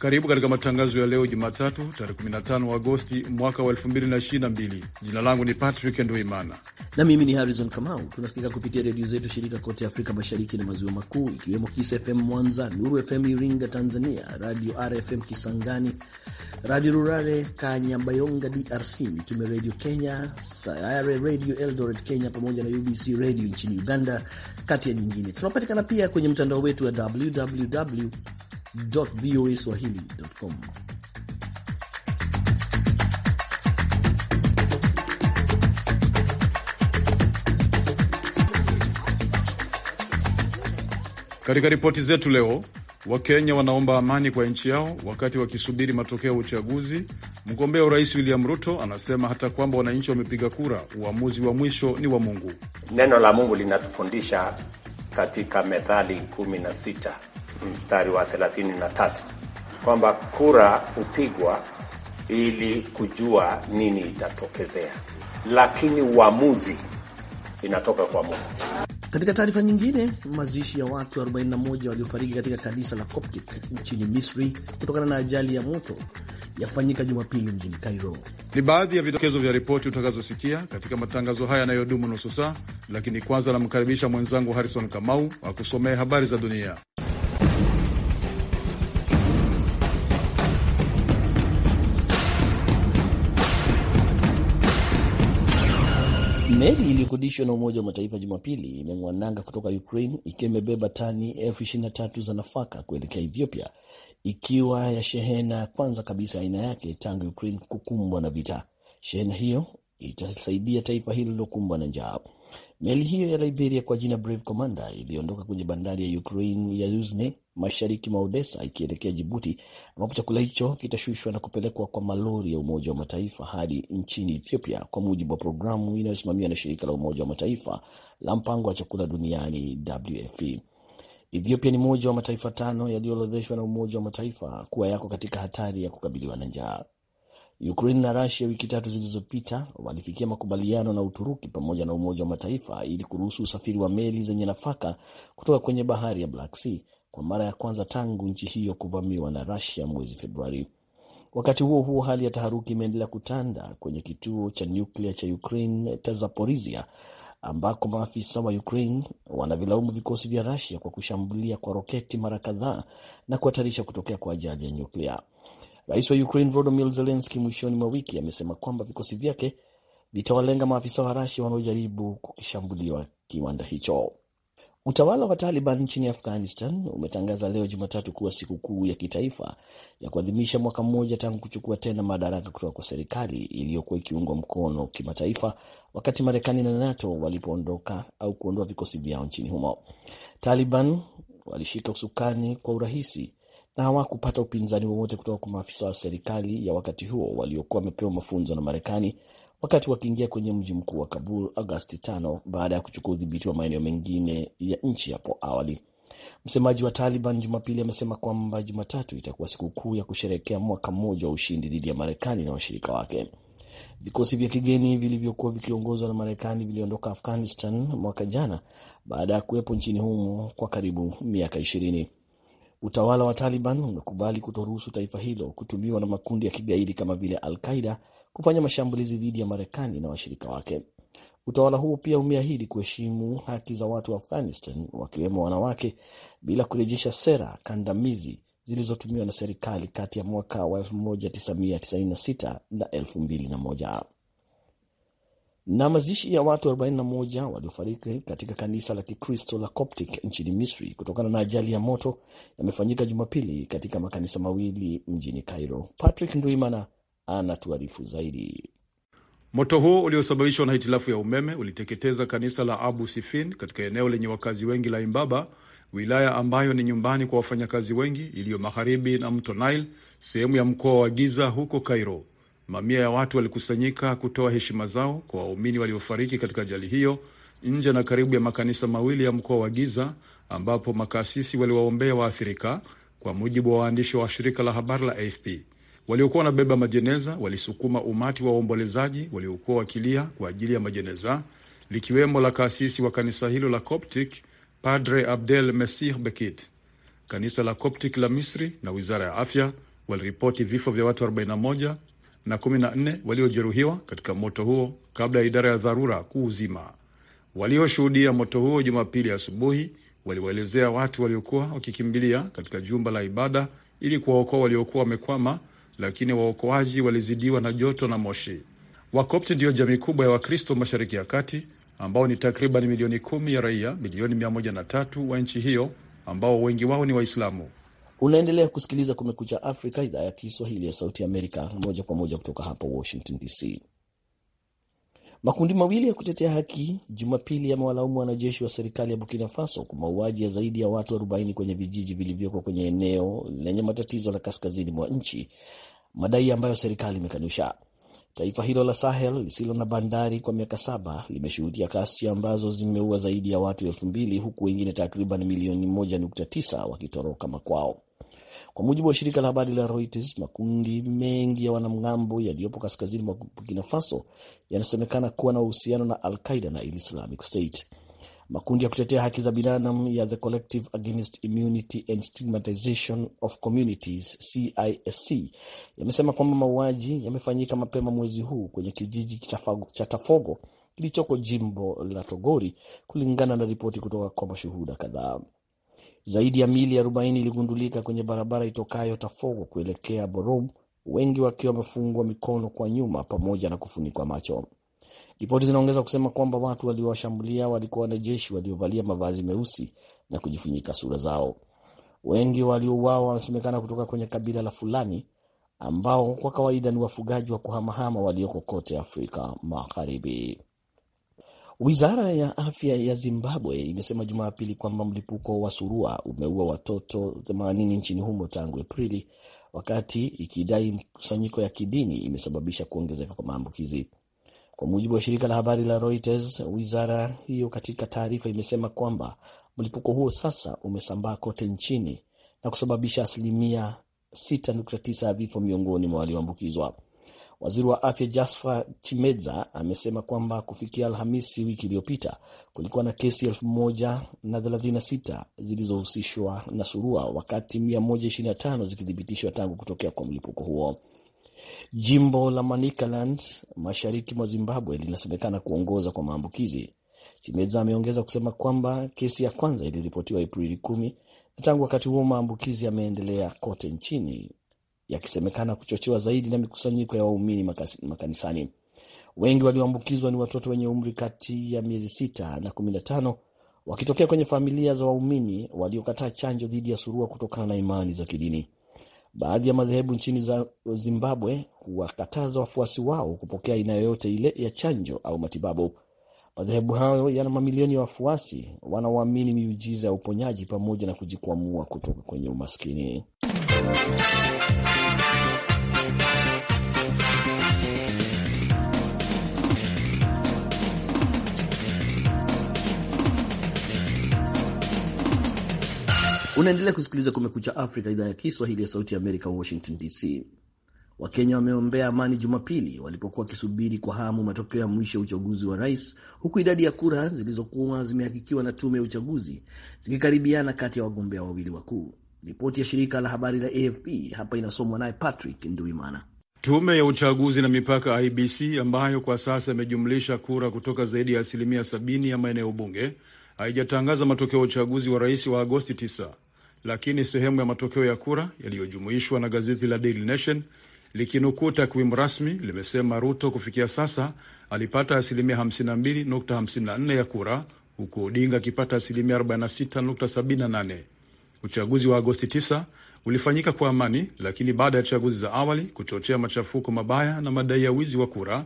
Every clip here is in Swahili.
Karibu katika matangazo ya leo Jumatatu, tarehe 15 Agosti mwaka wa 2022. Jina langu ni Patrick Nduimana na mimi ni Harrison Kamau. Tunasikika kupitia redio zetu shirika kote Afrika Mashariki na Maziwa Makuu, ikiwemo Kiss FM Mwanza, Nuru FM Iringa Tanzania, Radio RFM Kisangani, Radio Rurale Kanyabayonga DRC, Mitume Radio Kenya, Sayare Radio Eldoret Kenya, pamoja na UBC Radio nchini Uganda, kati ya nyingine. Tunapatikana pia kwenye mtandao wetu wa www voa Katika ripoti zetu leo, Wakenya wanaomba amani kwa nchi yao wakati wakisubiri matokeo ya uchaguzi. Mgombea urais William Ruto anasema hata kwamba wananchi wamepiga kura, uamuzi wa mwisho ni wa Mungu. Neno la Mungu linatufundisha katika Methali na sita mstari wa 33 kwamba kura hupigwa ili kujua nini itatokezea, lakini uamuzi inatoka kwa Mungu. Katika taarifa nyingine, mazishi ya watu 41 waliofariki katika kanisa la Coptic nchini Misri kutokana na ajali ya moto yafanyika Jumapili mjini Cairo. Ni baadhi ya vidokezo vya ripoti utakazosikia katika matangazo haya yanayodumu nusu saa, lakini kwanza namkaribisha mwenzangu Harrison Kamau akusomee habari za dunia. Meli iliyokodishwa na Umoja wa Mataifa Jumapili imeng'wa nanga kutoka Ukraine ikiwa imebeba tani elfu ishirini na tatu za nafaka kuelekea Ethiopia, ikiwa ya shehena ya kwanza kabisa aina yake tangu Ukraine kukumbwa na vita. Shehena hiyo itasaidia taifa hilo lilokumbwa na njaa. Meli hiyo ya Liberia kwa jina Brave Commander iliondoka kwenye bandari ya Ukraine ya usne mashariki mwa Odessa ikielekea Jibuti, ambapo chakula hicho kitashushwa na kupelekwa kwa malori ya Umoja wa Mataifa hadi nchini Ethiopia, kwa mujibu wa programu inayosimamiwa na shirika la Umoja wa Mataifa la mpango wa chakula duniani WFP. Ethiopia ni moja wa mataifa tano yaliyoorodheshwa na Umoja wa Mataifa kuwa yako katika hatari ya kukabiliwa na njaa. Ukraine na Russia wiki tatu zilizopita walifikia makubaliano na Uturuki pamoja na Umoja wa Mataifa ili kuruhusu usafiri wa meli zenye nafaka kutoka kwenye bahari ya Black Sea kwa mara ya kwanza tangu nchi hiyo kuvamiwa na Russia mwezi Februari. Wakati huo huo, hali ya taharuki imeendelea kutanda kwenye kituo cha nyuklia cha Ukraine cha Zaporizhia ambako maafisa wa Ukraine wanavilaumu vikosi vya Russia kwa kushambulia kwa roketi mara kadhaa na kuhatarisha kutokea kwa ajali ya nyuklia. Rais wa Ukraine Volodymyr Zelensky mwishoni mwa wiki amesema kwamba vikosi vyake vitawalenga maafisa wa Rasia wanaojaribu kukishambulia kiwanda hicho. Utawala wa Taliban nchini Afghanistan umetangaza leo Jumatatu kuwa sikukuu ya kitaifa ya kuadhimisha mwaka mmoja tangu kuchukua tena madaraka kutoka kwa serikali iliyokuwa ikiungwa mkono kimataifa, wakati Marekani na NATO walipoondoka au kuondoa vikosi vyao nchini humo. Taliban walishika usukani kwa urahisi na hawakupata upinzani wowote kutoka kwa maafisa wa serikali ya wakati huo waliokuwa wamepewa mafunzo na Marekani wakati wakiingia kwenye mji mkuu wa Kabul Agosti 5 baada ya kuchukua udhibiti wa maeneo mengine ya nchi hapo awali. Msemaji wa Taliban Jumapili amesema kwamba Jumatatu itakuwa sikukuu ya kusherehekea mwaka mmoja wa ushindi dhidi ya Marekani na washirika wake. Vikosi vya kigeni vilivyokuwa vikiongozwa na Marekani viliondoka Afghanistan mwaka jana baada ya kuwepo nchini humo kwa karibu miaka ishirini. Utawala wa Taliban umekubali kutoruhusu taifa hilo kutumiwa na makundi ya kigaidi kama vile Al-Qaida kufanya mashambulizi dhidi ya Marekani na washirika wake. Utawala huo pia umeahidi kuheshimu haki za watu wa Afghanistan, wakiwemo wanawake, bila kurejesha sera kandamizi zilizotumiwa na serikali kati ya mwaka wa 1996 na 2001 na mazishi ya watu 41 waliofariki katika kanisa la Kikristo la Coptic nchini Misri kutokana na ajali ya moto yamefanyika Jumapili katika makanisa mawili mjini Cairo. Patrick Ndwimana anatuarifu zaidi. Moto huo uliosababishwa na hitilafu ya umeme uliteketeza kanisa la Abu Sifin katika eneo lenye wakazi wengi la Imbaba, wilaya ambayo ni nyumbani kwa wafanyakazi wengi, iliyo magharibi na mto Nile, sehemu ya mkoa wa Giza huko Cairo. Mamia ya watu walikusanyika kutoa heshima zao kwa waumini waliofariki katika ajali hiyo nje na karibu ya makanisa mawili ya mkoa wa Giza ambapo makasisi waliwaombea waathirika, kwa mujibu wa waandishi wa shirika la habari la AFP. Waliokuwa wanabeba majeneza walisukuma umati wa waombolezaji waliokuwa wakilia kwa ajili ya majeneza, likiwemo la kasisi wa kanisa hilo la Coptic, Padre Abdel Mesih Bekit. Kanisa la Coptic la Misri na wizara ya afya waliripoti vifo vya watu 41 na 14 waliojeruhiwa katika moto huo kabla ya idara ya dharura kuuzima. Walioshuhudia moto huo Jumapili asubuhi waliwaelezea watu waliokuwa wakikimbilia katika jumba la ibada ili kuwaokoa waliokuwa wamekwama, lakini waokoaji walizidiwa na joto na moshi. Wakopti ndiyo jamii kubwa ya Wakristo Mashariki ya Kati, ambao ni takriban milioni kumi ya raia milioni mia moja na tatu wa nchi hiyo, ambao wengi wao ni Waislamu. Unaendelea kusikiliza Kumekucha Afrika, idhaa ya Kiswahili ya Sauti Amerika, moja kwa moja kutoka hapa Washington DC. Makundi mawili ya kutetea haki Jumapili yamewalaumu wanajeshi wa serikali ya Burkina Faso kwa mauaji ya zaidi ya watu 40 kwenye vijiji vilivyoko kwenye eneo lenye matatizo la kaskazini mwa nchi, madai ambayo serikali imekanusha. Taifa hilo la Sahel lisilo na bandari kwa miaka saba limeshuhudia kasi ambazo zimeua zaidi ya watu elfu mbili huku wengine takriban milioni 1.9 wakitoroka makwao. Kwa mujibu wa shirika la habari la Reuters, makundi mengi ya wanamgambo yaliyopo kaskazini mwa Burkina Faso yanasemekana kuwa na uhusiano na Al Qaida na Islamic State. Makundi ya kutetea haki za binadamu ya The Collective Against Immunity and Stigmatization of Communities CISC yamesema kwamba mauaji yamefanyika mapema mwezi huu kwenye kijiji cha Tafogo kilichoko jimbo la Togori, kulingana na ripoti kutoka kwa mashuhuda kadhaa. Zaidi ya mili 40 iligundulika kwenye barabara itokayo Tafogo kuelekea Borom, wengi wakiwa wamefungwa mikono kwa nyuma pamoja na kufunikwa macho. Ripoti zinaongeza kusema kwamba watu waliowashambulia walikuwa wanajeshi waliovalia mavazi meusi na kujifunyika sura zao. Wengi waliouawa wanasemekana kutoka kwenye kabila la Fulani ambao kwa kawaida ni wafugaji wa kuhamahama walioko kote Afrika Magharibi. Wizara ya afya ya Zimbabwe imesema Jumapili kwamba mlipuko wa surua umeua watoto 80 nchini humo tangu Aprili, wakati ikidai mkusanyiko ya kidini imesababisha kuongezeka kwa maambukizi. Kwa mujibu wa shirika la habari la Reuters, wizara hiyo katika taarifa imesema kwamba mlipuko huo sasa umesambaa kote nchini na kusababisha asilimia 6.9 ya vifo miongoni mwa walioambukizwa. Waziri wa afya Jasfa chimeza amesema kwamba kufikia Alhamisi wiki iliyopita kulikuwa na kesi 1036 zilizohusishwa na surua, wakati 125 zikithibitishwa tangu kutokea kwa mlipuko huo. Jimbo la Manicaland mashariki mwa Zimbabwe linasemekana kuongoza kwa maambukizi. Simedza ameongeza kusema kwamba kesi ya kwanza iliripotiwa Aprili kumi na tangu wakati huo maambukizi yameendelea kote nchini, yakisemekana kuchochewa zaidi na mikusanyiko ya waumini makanisani. Wengi walioambukizwa ni watoto wenye umri kati ya miezi sita na kumi na tano wakitokea kwenye familia za waumini waliokataa chanjo dhidi ya surua kutokana na imani za kidini. Baadhi ya madhehebu nchini za Zimbabwe huwakataza wafuasi wao kupokea aina yoyote ile ya chanjo au matibabu. Madhehebu hayo yana mamilioni ya wafuasi wanaoamini miujiza ya uponyaji pamoja na kujikwamua kutoka kwenye umaskini. Unaendelea kusikiliza Kumekucha Afrika, idhaa ya Kiswahili ya Sauti ya Amerika, Washington DC. Wakenya wameombea amani Jumapili walipokuwa wakisubiri kwa hamu matokeo ya mwisho ya uchaguzi wa rais, huku idadi ya kura zilizokuwa zimehakikiwa na tume ya uchaguzi zikikaribiana kati ya wagombea wawili wakuu. Ripoti ya shirika la habari la AFP hapa inasomwa naye Patrick Nduimana. Tume ya uchaguzi na mipaka IBC ambayo kwa sasa imejumlisha kura kutoka zaidi ya asilimia sabini ya maeneo bunge haijatangaza matokeo ya uchaguzi wa rais wa Agosti lakini sehemu ya matokeo ya kura yaliyojumuishwa na gazeti la Daily Nation likinukuu takwimu rasmi limesema Ruto kufikia sasa alipata asilimia 52.54 ya kura huku Odinga akipata asilimia 46.78. Uchaguzi wa Agosti 9 ulifanyika kwa amani, lakini baada ya chaguzi za awali kuchochea machafuko mabaya na madai ya wizi wa kura,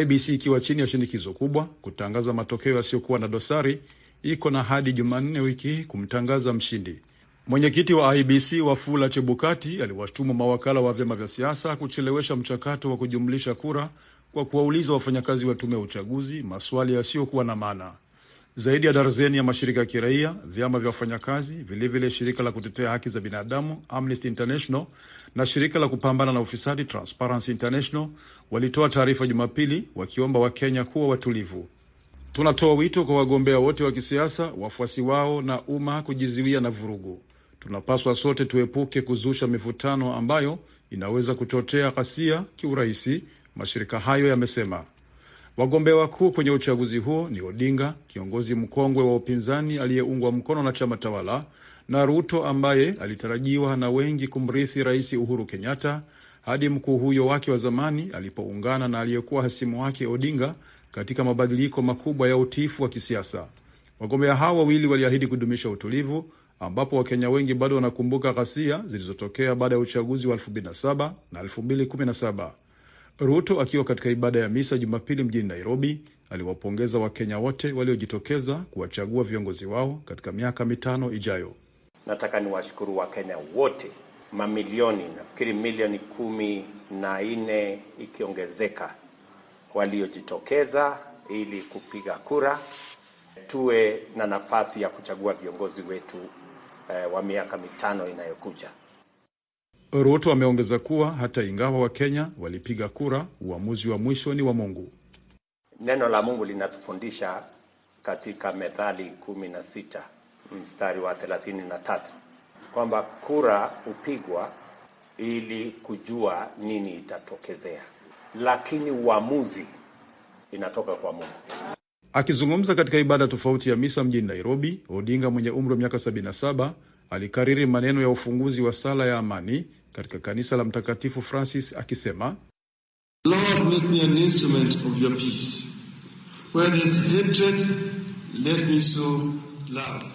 IBC ikiwa chini ya shinikizo kubwa kutangaza matokeo yasiyokuwa na dosari, iko na hadi Jumanne wiki hii kumtangaza mshindi. Mwenyekiti wa IBC Wafula Chebukati aliwashtumu mawakala wa vyama vya siasa kuchelewesha mchakato wa kujumlisha kura kwa kuwauliza wafanyakazi wa tume ya uchaguzi maswali yasiyokuwa na maana. Zaidi ya darzeni ya mashirika ya kiraia, vyama vya wafanyakazi, vilevile shirika la kutetea haki za binadamu Amnesty International na shirika la kupambana na ufisadi Transparency International walitoa taarifa Jumapili wakiomba Wakenya kuwa watulivu. Tunatoa wito kwa wagombea wote wa kisiasa, wafuasi wao na umma kujizuia na vurugu. Tunapaswa sote tuepuke kuzusha mivutano ambayo inaweza kuchochea ghasia kiurahisi, mashirika hayo yamesema. Wagombea wakuu kwenye uchaguzi huo ni Odinga, kiongozi mkongwe wa upinzani aliyeungwa mkono na chama tawala, na Ruto ambaye alitarajiwa na wengi kumrithi Rais Uhuru Kenyatta hadi mkuu huyo wake wa zamani alipoungana na aliyekuwa hasimu wake Odinga katika mabadiliko makubwa ya utiifu wa kisiasa. Wagombea hao wawili waliahidi kudumisha utulivu ambapo Wakenya wengi bado wanakumbuka ghasia zilizotokea baada ya uchaguzi wa 2007 na 2017. Ruto akiwa katika ibada ya misa Jumapili mjini Nairobi aliwapongeza Wakenya wote waliojitokeza kuwachagua viongozi wao katika miaka mitano ijayo. Nataka niwashukuru Wakenya wote mamilioni, nafikiri milioni kumi na nne ikiongezeka, waliojitokeza ili kupiga kura, tuwe na nafasi ya kuchagua viongozi wetu eh, wa miaka mitano inayokuja. Ruto ameongeza kuwa hata ingawa Wakenya walipiga kura, uamuzi wa mwisho ni wa Mungu. Neno la Mungu linatufundisha katika Methali kumi na sita mstari wa thelathini na tatu kwamba kura hupigwa ili kujua nini itatokezea, lakini uamuzi inatoka kwa Mungu. Akizungumza katika ibada tofauti ya misa mjini Nairobi, Odinga mwenye umri wa miaka 77 alikariri maneno ya ufunguzi wa sala ya amani katika kanisa la Mtakatifu Francis akisema, Lord, make me an instrument of your peace. Where there's hatred, let me sow love.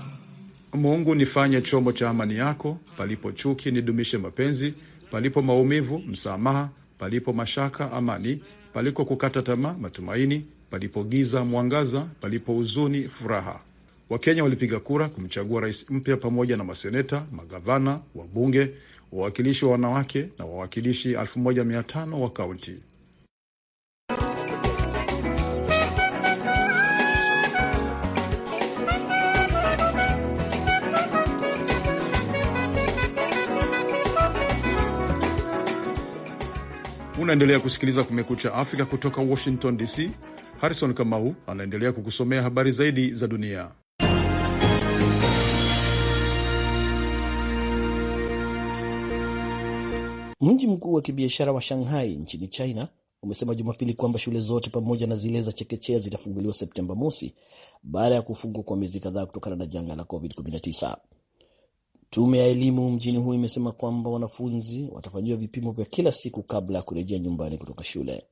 Mungu, nifanye chombo cha amani yako. Palipo chuki, nidumishe mapenzi. Palipo maumivu, msamaha. Palipo mashaka, amani. Paliko kukata tamaa, matumaini. Palipo giza, mwangaza; palipo huzuni, furaha. Wakenya walipiga kura kumchagua rais mpya pamoja na maseneta, magavana, wabunge, wawakilishi wa wanawake na wawakilishi 1500 wa kaunti. Unaendelea kusikiliza Kumekucha Afrika kutoka Washington DC. Harison Kamau anaendelea kukusomea habari zaidi za dunia. Mji mkuu wa kibiashara wa Shanghai nchini China umesema Jumapili kwamba shule zote pamoja na zile za chekechea zitafunguliwa Septemba mosi baada ya kufungwa kwa miezi kadhaa kutokana na janga la COVID-19. Tume ya elimu mjini huu imesema kwamba wanafunzi watafanyiwa vipimo vya kila siku kabla ya kurejea nyumbani kutoka shule.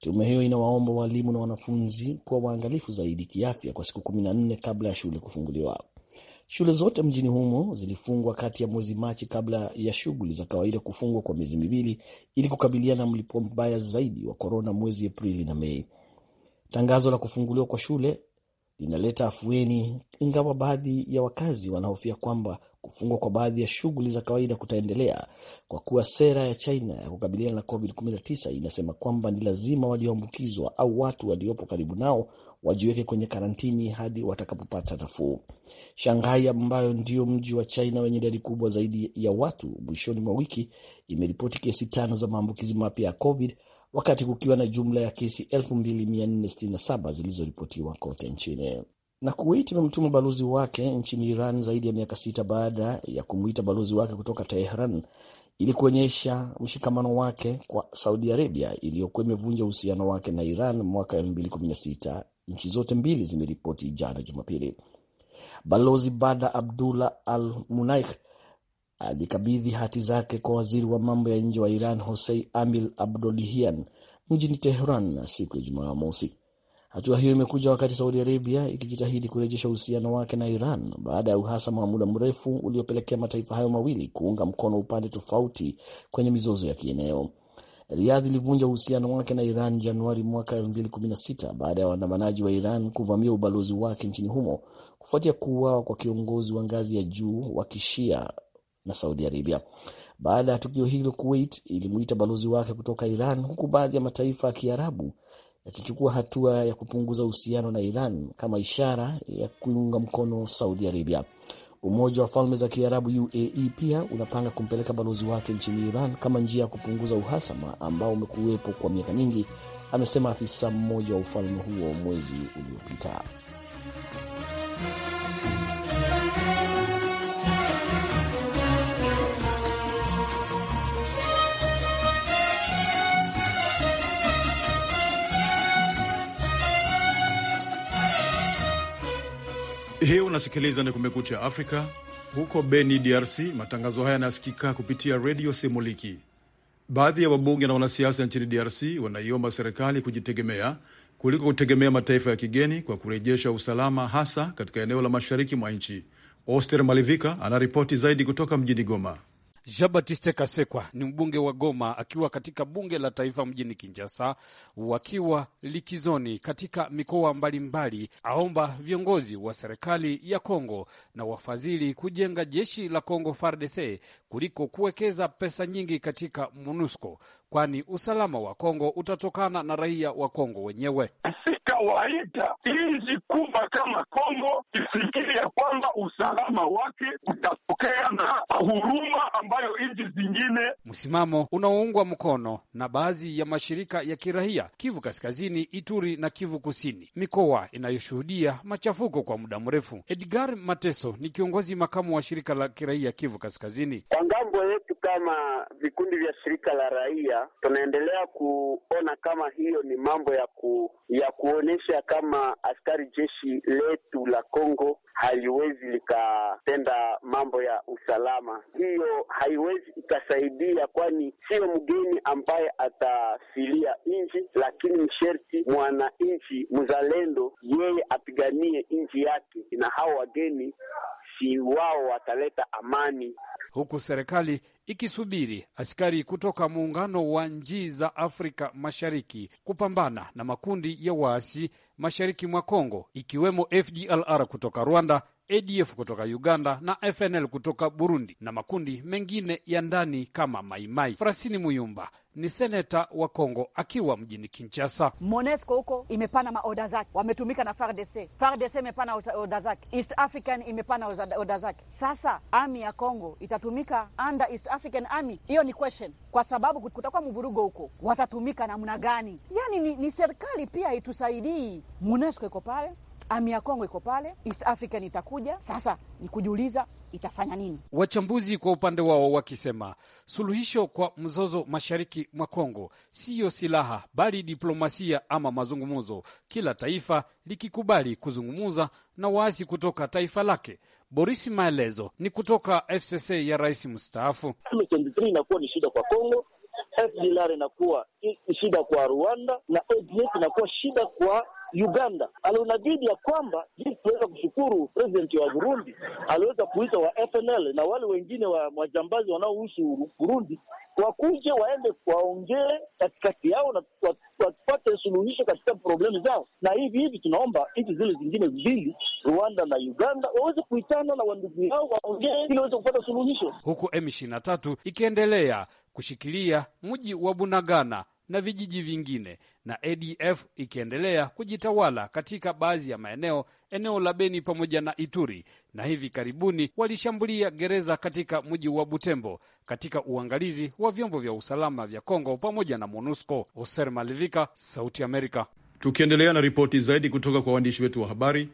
Tume hiyo inawaomba walimu na wanafunzi kuwa waangalifu zaidi kiafya kwa siku kumi na nne kabla ya shule kufunguliwa. Shule zote mjini humo zilifungwa kati ya mwezi Machi kabla ya shughuli za kawaida kufungwa kwa miezi miwili ili kukabiliana na mlipo mbaya zaidi wa korona mwezi Aprili na Mei. Tangazo la kufunguliwa kwa shule linaleta afueni, ingawa baadhi ya wakazi wanahofia kwamba kufungwa kwa baadhi ya shughuli za kawaida kutaendelea kwa kuwa sera ya China ya kukabiliana na COVID-19 inasema kwamba ni lazima walioambukizwa au watu waliopo karibu nao wajiweke kwenye karantini hadi watakapopata nafuu. Shanghai ambayo ndio mji wa China wenye idadi kubwa zaidi ya watu, mwishoni mwa wiki imeripoti kesi tano za maambukizi mapya ya COVID wakati kukiwa na jumla ya kesi 2467 zilizoripotiwa kote nchini. Na Kuwait imemtuma balozi wake nchini Iran zaidi ya miaka sita baada ya kumwita balozi wake kutoka Teheran ili kuonyesha mshikamano wake kwa Saudi Arabia iliyokuwa imevunja uhusiano wake na Iran mwaka 2016. Nchi zote mbili zimeripoti jana Jumapili. Balozi Bada Abdullah Al Munaikh alikabidhi hati zake kwa waziri wa mambo ya nje wa Iran Hossein Amir Abdollahian mjini Teheran siku ya Jumamosi. Hatua hiyo imekuja wakati Saudi Arabia ikijitahidi kurejesha uhusiano wake na Iran baada ya uhasama wa muda mrefu uliopelekea mataifa hayo mawili kuunga mkono upande tofauti kwenye mizozo ya kieneo. Riyadh ilivunja uhusiano wake na Iran Januari mwaka 2016 baada ya waandamanaji wa Iran kuvamia ubalozi wake nchini humo kufuatia kuuawa kwa kiongozi wa ngazi ya juu wa kishia na Saudi Arabia. Baada ya tukio hilo, Kuwait ilimuita balozi wake kutoka Iran, huku baadhi ya mataifa ya Kiarabu yakichukua hatua ya kupunguza uhusiano na Iran kama ishara ya kuunga mkono Saudi Arabia. Umoja wa Falme za Kiarabu UAE pia unapanga kumpeleka balozi wake nchini Iran kama njia ya kupunguza uhasama ambao umekuwepo kwa miaka nyingi, amesema afisa mmoja wa ufalme huo mwezi uliopita. Hii unasikiliza ni Kumekucha Afrika. Huko Beni, DRC, matangazo haya yanasikika kupitia redio Semuliki. Baadhi ya wabunge na wanasiasa nchini DRC wanaiomba serikali kujitegemea kuliko kutegemea mataifa ya kigeni kwa kurejesha usalama, hasa katika eneo la mashariki mwa nchi. Oster Malivika anaripoti zaidi kutoka mjini Goma. Jean Baptiste Kasekwa ni mbunge wa Goma akiwa katika bunge la taifa mjini Kinjasa wakiwa likizoni katika mikoa mbalimbali, aomba viongozi wa serikali ya Kongo na wafadhili kujenga jeshi la Kongo FARDC kuliko kuwekeza pesa nyingi katika MONUSCO, kwani usalama wa Kongo utatokana na raia wa Kongo wenyewe wanaowaita nchi kubwa kama Kongo ifikiri ya kwamba usalama wake utatokea na huruma ambayo nchi zingine. Msimamo unaoungwa mkono na baadhi ya mashirika ya kiraia Kivu Kaskazini, Ituri na Kivu Kusini, mikoa inayoshuhudia machafuko kwa muda mrefu. Edgar Mateso ni kiongozi makamu wa shirika la kiraia Kivu Kaskazini. Kwa ngambo yetu kama vikundi vya shirika la raia, tunaendelea kuona kama hiyo ni mambo ya ku, ya kuone kuonyesha kama askari jeshi letu la Kongo haliwezi likatenda mambo ya usalama. Hiyo haiwezi ikasaidia, kwani sio mgeni ambaye atafilia nchi, lakini msherti mwananchi mzalendo yeye apiganie nchi yake, na hao wageni wananchi wao wataleta amani, huku serikali ikisubiri askari kutoka muungano wa nchi za Afrika Mashariki kupambana na makundi ya waasi mashariki mwa Kongo, ikiwemo FDLR kutoka Rwanda, ADF kutoka Uganda na FNL kutoka Burundi na makundi mengine ya ndani kama Maimai. Frasini Muyumba, ni seneta wa Kongo akiwa mjini Kinshasa. Monesco huko imepana maoda zake, wametumika na FARDC. FARDC imepana oda zake, East African imepana oda zake. Sasa ami ya Kongo itatumika under East African Army? Hiyo ni question, kwa sababu kutakuwa mvurugo huko, watatumika namna gani? Yani ni, ni serikali pia itusaidii. Monesco iko pale, ami ya Kongo iko pale, East African itakuja. Sasa ni kujiuliza itafanya nini? Wachambuzi kwa upande wao wakisema suluhisho kwa mzozo mashariki mwa Kongo siyo silaha, bali diplomasia ama mazungumzo, kila taifa likikubali kuzungumza na waasi kutoka taifa lake. Boris Maelezo ni kutoka FCC ya rais mstaafu. Inakuwa ni shida kwa Kongo, FDLR inakuwa shida kwa Rwanda na ADF inakuwa shida kwa Uganda alinadidi ya kwamba jinsi tunaweza kushukuru president wa Burundi aliweza kuita wa FNL na wale wengine wa majambazi wanaohusu Burundi wakuje waende waongee katikati yao na wapate suluhisho katika problemu zao, na hivi hivi tunaomba nchi zile zingine mbili, Rwanda na Uganda, waweze kuitana na wandugu yao waongee ili waweze kupata suluhisho, huku M 23 na tatu ikiendelea kushikilia mji wa Bunagana na vijiji vingine, na ADF ikiendelea kujitawala katika baadhi ya maeneo, eneo la Beni pamoja na Ituri, na hivi karibuni walishambulia gereza katika mji wa Butembo katika uangalizi wa vyombo vya usalama vya Kongo pamoja na MONUSCO. Oser Malivika, Sauti Amerika. Tukiendelea na ripoti zaidi kutoka kwa waandishi wetu wa habari,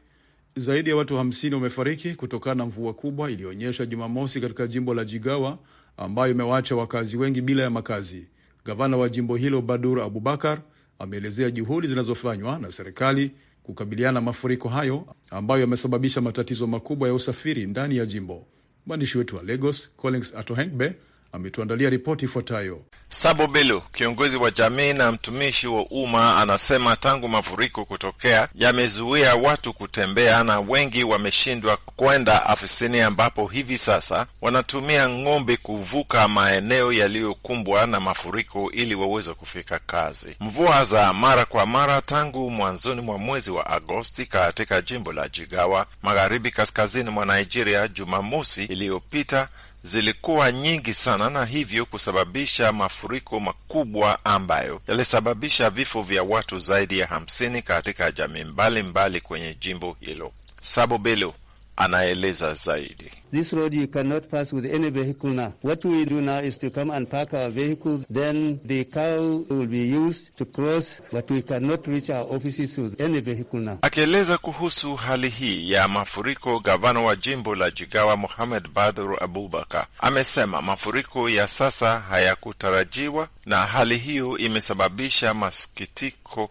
zaidi ya watu 50 wamefariki kutokana na mvua kubwa iliyoonyesha Jumamosi katika jimbo la Jigawa ambayo imewaacha wakazi wengi bila ya makazi. Gavana wa jimbo hilo Badur Abubakar ameelezea juhudi zinazofanywa na serikali kukabiliana na mafuriko hayo ambayo yamesababisha matatizo makubwa ya usafiri ndani ya jimbo. Mwandishi wetu wa Lagos Collins Atohengbe ametuandalia ripoti ifuatayo. Sabo Belo, kiongozi wa jamii na mtumishi wa umma, anasema tangu mafuriko kutokea yamezuia watu kutembea na wengi wameshindwa kwenda afisini, ambapo hivi sasa wanatumia ng'ombe kuvuka maeneo yaliyokumbwa na mafuriko ili waweze kufika kazi. Mvua za mara kwa mara tangu mwanzoni mwa mwezi wa Agosti katika jimbo la Jigawa, magharibi kaskazini mwa Nigeria, Jumamosi iliyopita zilikuwa nyingi sana na hivyo kusababisha mafuriko makubwa ambayo yalisababisha vifo vya watu zaidi ya hamsini katika jamii mbalimbali kwenye jimbo hilo. Sabo Belo anaeleza zaidi. This road you cannot pass with any vehicle now. What we do now is to come and park our vehicle, then the cow will be used to cross, but we cannot reach our offices with any vehicle now. Akieleza kuhusu hali hii ya mafuriko, gavana wa jimbo la Jigawa Mohamed Badhur Abubakar amesema mafuriko ya sasa hayakutarajiwa na hali hiyo imesababisha masikitiko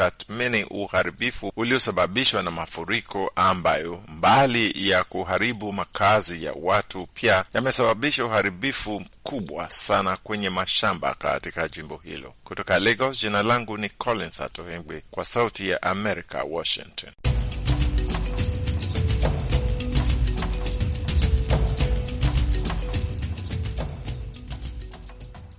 kutathmini uharibifu uliosababishwa na mafuriko ambayo mbali ya kuharibu makazi ya watu pia yamesababisha uharibifu mkubwa sana kwenye mashamba katika jimbo hilo. Kutoka Lagos, jina langu ni Collins Atohengwe, kwa Sauti ya America, Washington.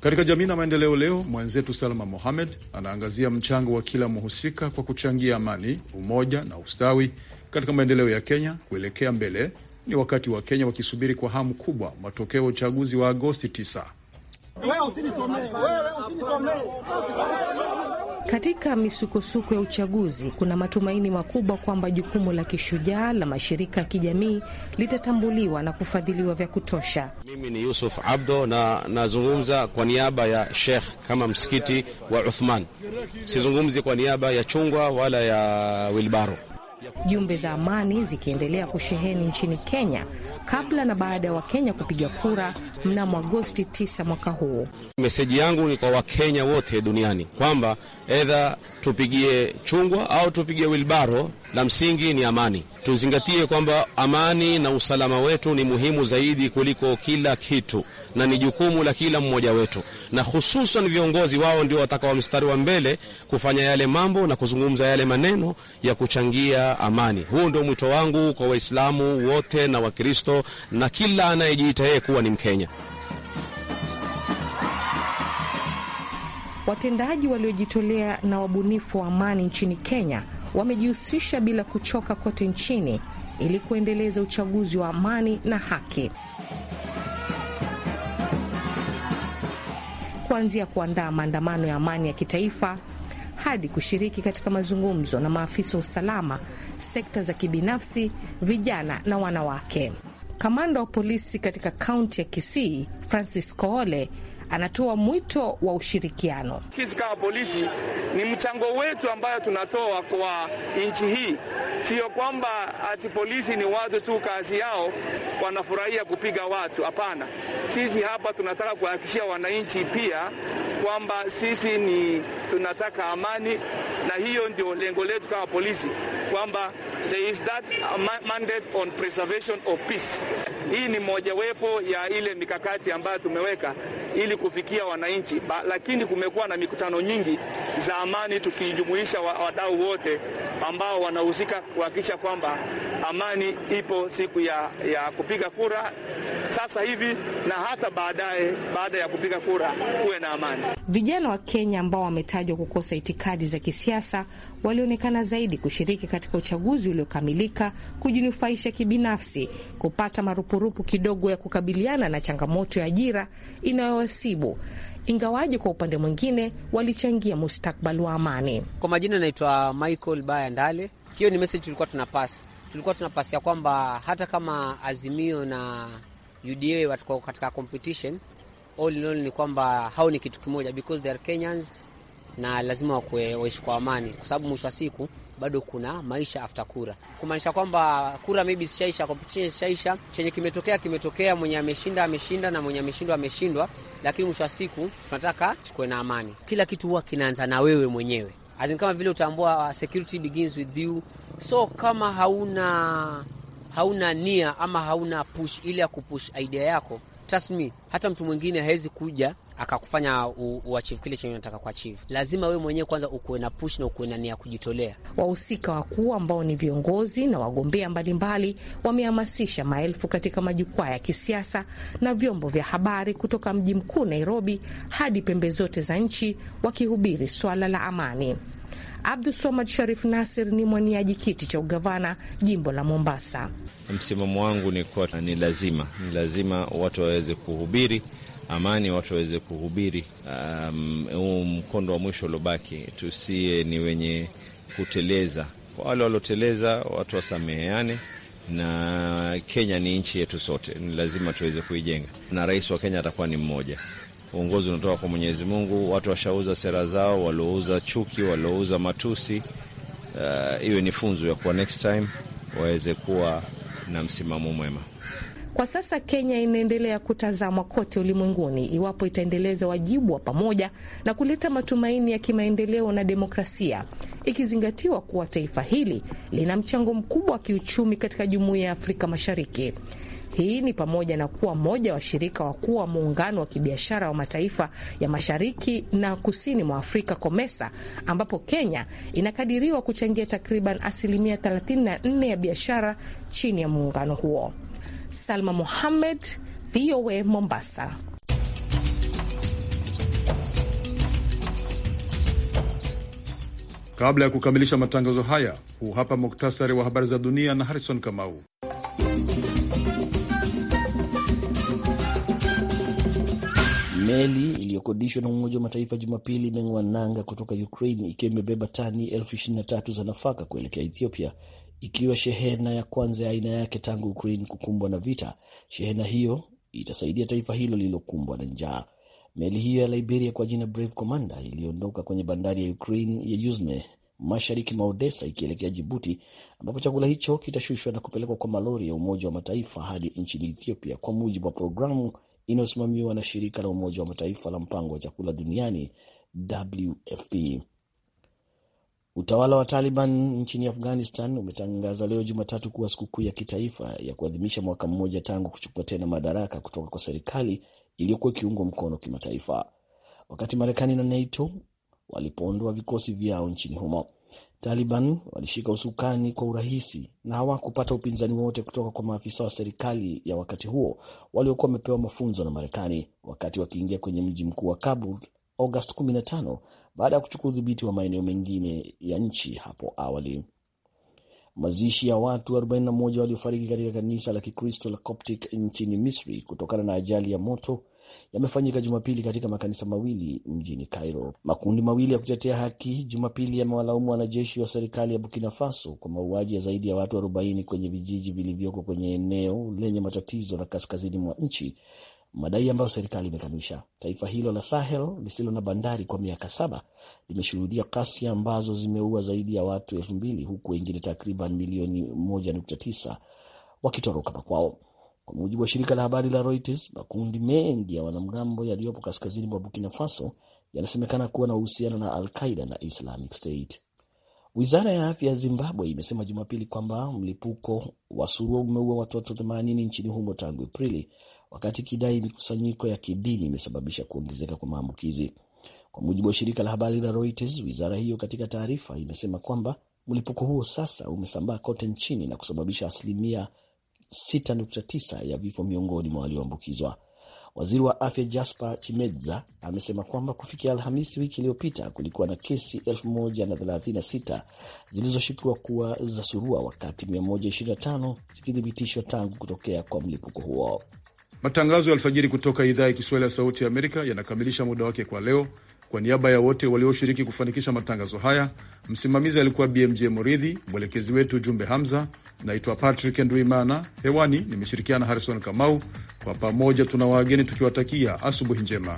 Katika jamii na maendeleo, leo mwenzetu Salma Mohamed anaangazia mchango wa kila mhusika kwa kuchangia amani, umoja na ustawi katika maendeleo ya Kenya kuelekea mbele. Ni wakati wa Kenya wakisubiri kwa hamu kubwa matokeo ya uchaguzi wa Agosti 9. Katika misukosuko ya uchaguzi, kuna matumaini makubwa kwamba jukumu la kishujaa la mashirika ya kijamii litatambuliwa na kufadhiliwa vya kutosha. Mimi ni Yusuf Abdo na nazungumza kwa niaba ya Sheikh kama msikiti wa Uthman, sizungumzi kwa niaba ya Chungwa wala ya Wilbaro. Jumbe za amani zikiendelea kusheheni nchini Kenya, kabla na baada ya Wakenya kupiga kura mnamo Agosti 9 mwaka huu. Meseji yangu ni kwa Wakenya wote duniani kwamba edha tupigie chungwa au tupigie wilbaro, la msingi ni amani. Tuzingatie kwamba amani na usalama wetu ni muhimu zaidi kuliko kila kitu, na ni jukumu la kila mmoja wetu, na hususan viongozi wao ndio wa mstari wa mbele kufanya yale mambo na kuzungumza yale maneno ya kuchangia amani. Huu ndio mwito wangu kwa Waislamu wote na Wakristo Kristo na kila anayejiita yeye kuwa ni Mkenya. Watendaji waliojitolea na wabunifu wa amani nchini Kenya wamejihusisha bila kuchoka kote nchini ili kuendeleza uchaguzi wa amani na haki, kuanzia kuandaa maandamano ya amani ya kitaifa hadi kushiriki katika mazungumzo na maafisa wa usalama, sekta za kibinafsi, vijana na wanawake. Kamanda wa polisi katika kaunti ya Kisii, Francis Koole, anatoa mwito wa ushirikiano. Sisi kama polisi, ni mchango wetu ambayo tunatoa kwa nchi hii Sio kwamba ati polisi ni watu tu kazi yao wanafurahia kupiga watu, hapana. Sisi hapa tunataka kuhakikishia wananchi pia kwamba sisi ni tunataka amani, na hiyo ndio lengo letu kama polisi, kwamba there is that mandate on preservation of peace. Hii ni mojawapo ya ile mikakati ambayo tumeweka ili kufikia wananchi, lakini kumekuwa na mikutano nyingi za amani tukijumuisha wadau wote ambao wanahusika kuhakikisha kwamba amani ipo siku ya, ya kupiga kura sasa hivi na hata baadaye, baada ya kupiga kura kuwe na amani. Vijana wa Kenya ambao wametajwa kukosa itikadi za kisiasa walionekana zaidi kushiriki katika uchaguzi uliokamilika, kujinufaisha kibinafsi, kupata marupurupu kidogo ya kukabiliana na changamoto ya ajira inayowasibu ingawaji kwa upande mwingine walichangia mustakbali wa amani. Kwa majina naitwa Michael Baya Ndale. Hiyo ni meseji tulikuwa tuna pasi tulikuwa tuna pasi ya kwamba hata kama Azimio na UDA watakuwa katika competition, all in all ni kwamba hao ni kitu kimoja because they are Kenyans na lazima waishi kwa amani, kwa sababu mwisho wa siku bado kuna maisha after kura, kumaanisha kwamba kura maybe sishaisha, competition sishaisha, chenye kimetokea kimetokea, mwenye ameshinda ameshinda na mwenye ameshindwa ameshindwa, lakini mwisho wa siku tunataka tukuwe na amani. Kila kitu huwa kinaanza na wewe mwenyewe, azin kama vile utaambua uh, security begins with you. So kama hauna hauna nia ama hauna push ile ya kupush idea yako, trust me, hata mtu mwingine hawezi kuja akakufanya uachivu kile chenye unataka kuachivu, lazima wewe mwenyewe kwanza ukuwe na push na ukuwe na nia kujitolea. Wahusika wakuu ambao ni viongozi na wagombea mbalimbali wamehamasisha maelfu katika majukwaa ya kisiasa na vyombo vya habari kutoka mji mkuu Nairobi hadi pembe zote za nchi wakihubiri swala la amani. Abdu Somad Sharif Nasir ni mwaniaji kiti cha ugavana jimbo la Mombasa. Msimamo wangu ni kwa, ni lazima ni lazima watu waweze kuhubiri amani, watu waweze kuhubiri um, huu um, mkondo wa mwisho uliobaki, tusiye ni wenye kuteleza. Kwa wale walioteleza, watu wasameheane na Kenya ni nchi yetu sote, ni lazima tuweze kuijenga, na rais wa Kenya atakuwa ni mmoja. Uongozi unatoka kwa Mwenyezi Mungu. Watu washauza sera zao, waliouza chuki, waliouza matusi, uh, iwe uh, ni funzo ya kuwa next time waweze kuwa na msimamo mwema. Kwa sasa Kenya inaendelea kutazamwa kote ulimwenguni iwapo itaendeleza wajibu wa pamoja na kuleta matumaini ya kimaendeleo na demokrasia, ikizingatiwa kuwa taifa hili lina mchango mkubwa wa kiuchumi katika jumuiya ya Afrika Mashariki. Hii ni pamoja na kuwa mmoja wa washirika wakuu wa muungano wa kibiashara wa mataifa ya mashariki na kusini mwa Afrika, COMESA, ambapo Kenya inakadiriwa kuchangia takriban asilimia 34 ya biashara chini ya muungano huo. Salma Mohammed, VOA Mombasa. Kabla ya kukamilisha matangazo haya, huu hapa muktasari wa habari za dunia na Harrison Kamau. Meli iliyokodishwa na Umoja wa Mataifa Jumapili imeng'oa nanga kutoka Ukraine ikiwa imebeba tani elfu ishirini na tatu za nafaka kuelekea Ethiopia, ikiwa shehena ya kwanza ya aina yake tangu Ukraine kukumbwa na vita. Shehena hiyo itasaidia taifa hilo lililokumbwa na njaa. Meli hiyo ya Liberia kwa jina Brave Commander iliondoka kwenye bandari ya Ukraine ya Yuzne mashariki mwa Odessa ikielekea Jibuti, ambapo chakula hicho kitashushwa na kupelekwa kwa malori ya Umoja wa Mataifa hadi nchini Ethiopia, kwa mujibu wa programu inayosimamiwa na shirika la Umoja wa Mataifa la mpango wa chakula duniani WFP. Utawala wa Taliban nchini Afghanistan umetangaza leo Jumatatu kuwa sikukuu ya kitaifa ya kuadhimisha mwaka mmoja tangu kuchukua tena madaraka kutoka kwa serikali iliyokuwa ikiungwa mkono kimataifa, wakati Marekani na NATO walipoondoa vikosi vyao nchini humo. Taliban walishika usukani kwa urahisi na hawakupata upinzani wote kutoka kwa maafisa wa serikali ya wakati huo waliokuwa wamepewa mafunzo na Marekani, wakati wakiingia kwenye mji mkuu wa Kabul Agosti 15 baada ya kuchukua udhibiti wa maeneo mengine ya nchi hapo awali. Mazishi ya watu 41 waliofariki katika kanisa la Kikristo la Coptic nchini Misri kutokana na ajali ya moto yamefanyika Jumapili katika makanisa mawili mjini Cairo. Makundi mawili ya kutetea haki Jumapili yamewalaumu wanajeshi wa serikali ya Burkina Faso kwa mauaji ya zaidi ya watu 40 kwenye vijiji vilivyoko kwenye eneo lenye matatizo la kaskazini mwa nchi madai ambayo serikali imekanusha. Taifa hilo la Sahel lisilo na bandari kwa miaka saba limeshuhudia kasi ambazo zimeua zaidi ya watu elfu mbili huku wengine takriban milioni 1.9 wakitoroka makwao. Kwa mujibu wa shirika la habari la Reuters, makundi mengi ya wanamgambo yaliyopo kaskazini mwa Burkina Faso yanasemekana kuwa na uhusiano na Al-Qaida na Islamic State. Wizara ya afya ya Zimbabwe imesema Jumapili kwamba mlipuko wa surua umeua watoto 80 nchini humo tangu Aprili, wakati ikidai mikusanyiko ya kidini imesababisha kuongezeka kwa maambukizi. Kwa mujibu wa shirika la habari la Reuters, wizara hiyo katika taarifa imesema kwamba mlipuko huo sasa umesambaa kote nchini na kusababisha asilimia 6.9 ya vifo miongoni mwa walioambukizwa. Waziri wa afya Jasper Chimedza amesema kwamba kufikia Alhamisi wiki iliyopita kulikuwa na kesi 1036 zilizoshukiwa kuwa za surua, wakati 125 zikithibitishwa tangu kutokea kwa mlipuko huo. Matangazo ya alfajiri kutoka idhaa ya Kiswahili ya Sauti ya Amerika yanakamilisha muda wake kwa leo. Kwa niaba ya wote walioshiriki kufanikisha matangazo haya, msimamizi alikuwa BMJ Moridhi, mwelekezi wetu Jumbe Hamza. Naitwa Patrick Ndwimana, hewani nimeshirikiana Harrison Kamau. Kwa pamoja tuna wageni tukiwatakia asubuhi njema.